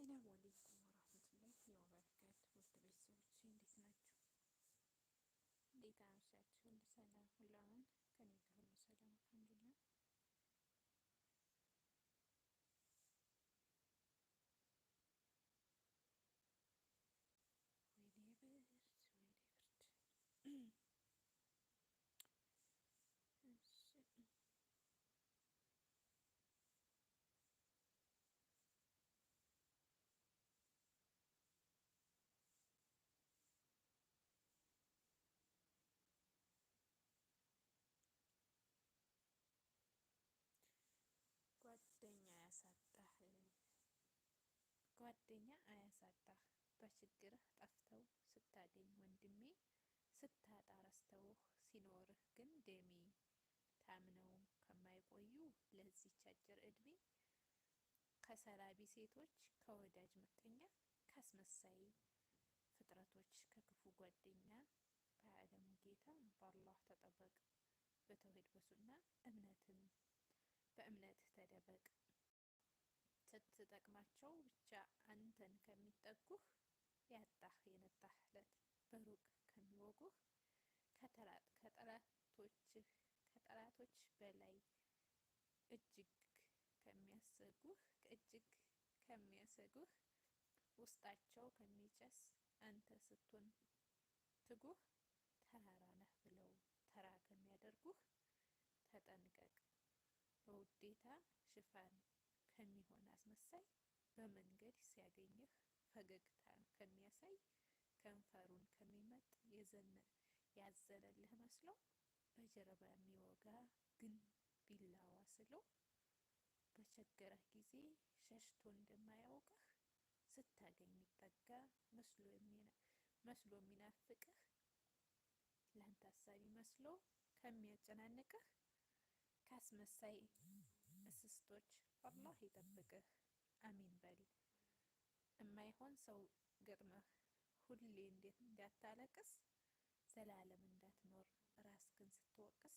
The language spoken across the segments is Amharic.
and I wanted ጓደኛ አያሳጣህ በችግርህ ጠፍተው ስታገኝ ወንድሜ ስታጣ ረስተውህ ሲኖርህ ግን ደሜ ታምነው ከማይቆዩ ለዚች አጭር እድሜ ከሰላቢ ሴቶች ከወዳጅ ምቀኛ ካስመሳይ ፍጥረቶች ከክፉ ጓደኛ በአለሙ ጌታ በአላህ ተጠበቅ፣ በተውሂድ በሱና እምነትም በእምነትህ ተደበቅ። ስትጠቅማቸው ብቻ አንተን ከሚጠጉህ ያጣህ የነጣህ ዕለት በሩቅ ከሚወጉህ ከጠላቶችህ ከጠላቶች በላይ እጅግ ከሚያሰጉህ እጅግ ከሚያሰጉህ ውስጣቸው ከሚጨስ አንተ ስቱን ትጉህ ተራራ ነህ ብለው ተራ ከሚያደርጉህ ተጠንቀቅ። በውዴታ ሽፋን ከሚሆን አስመሳይ በመንገድ ሲያገኝህ ፈገግታን ከሚያሳይ ከንፈሩን ከሚመጥ ያዘነልህ መስሎ በጀርባ የሚወጋ ግን ቢላዋ ስሎ በቸገረህ ጊዜ ሸሽቶ እንደማያውቅህ ስታገኝ የሚጠጋ መስሎ የሚናፍቅህ ላንተ አሳቢ መስሎ ከሚያጨናንቅህ ካስመሳይ እንስስቶች አላህ ይጠብቅህ፣ አሚን በል። እማይሆን ሰው ገጥመህ ሁሌ እንዴት እንዳታለቅስ፣ ዘላለም እንዳትኖር ራስህን ስትወቅስ፣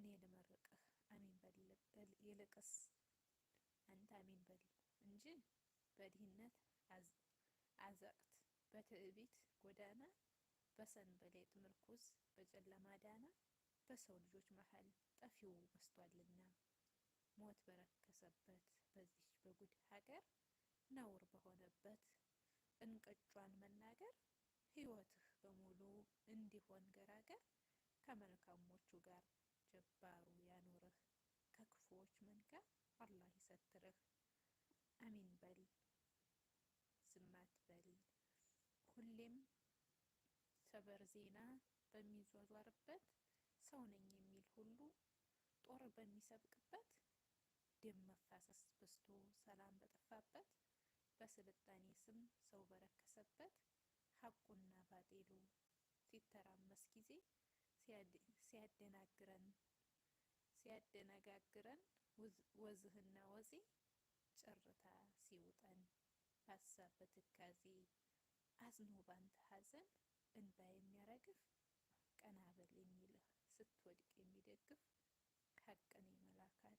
እኔ ልመርቅህ፣ አሚን በል። ይልቅስ አንተ አሚን በል እንጂ በድህነት አዘቅት በትዕቢት ጎዳና በሰንበሌጥ ምርኩዝ በጨለማ ዳና በሰው ልጆች መሀል ጠፊው መስቷልና ሞት በረከሰበት በዚች በጉድ ሀገር ነውር በሆነበት እንቅጯን መናገር ህይወትህ በሙሉ እንዲሆን ገራገር ከመልካሞቹ ጋር ጀባሩ ያኖርህ ከክፉዎች መንጋ አላህ ይሰትርህ። አሚን በል ዝማት በል ሁሌም ሰበር ዜና በሚዟዟርበት ሰው ነኝ የሚል ሁሉ ጦር በሚሰብቅበት ደም መፋሰስ በዝቶ ሰላም በጠፋበት በስልጣኔ ስም ሰው በረከሰበት ሀቁና ባጤሉ ሲተራመስ ጊዜ ሲያደናግረን ሲያደነጋግረን ወዝህና ወዜ ጭርታ ሲውጠን ሀሳብ በትካዜ አዝኖ ባንተ ሀዘን እንባ የሚያረግፍ ቀና የሚልህ ስትወድቅ የሚደግፍ ሀቅን የመላካል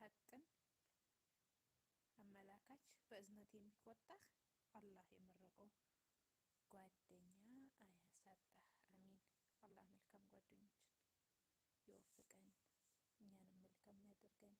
ሀቅን አመላካች በእዝነት የሚቆጣህ አላህ የመረቀው ጓደኛ አያሳጣህ። አሚን። አላህ መልካም ጓደኞችን ይወፍቀን፣ እኛንም መልካም ያደርገን።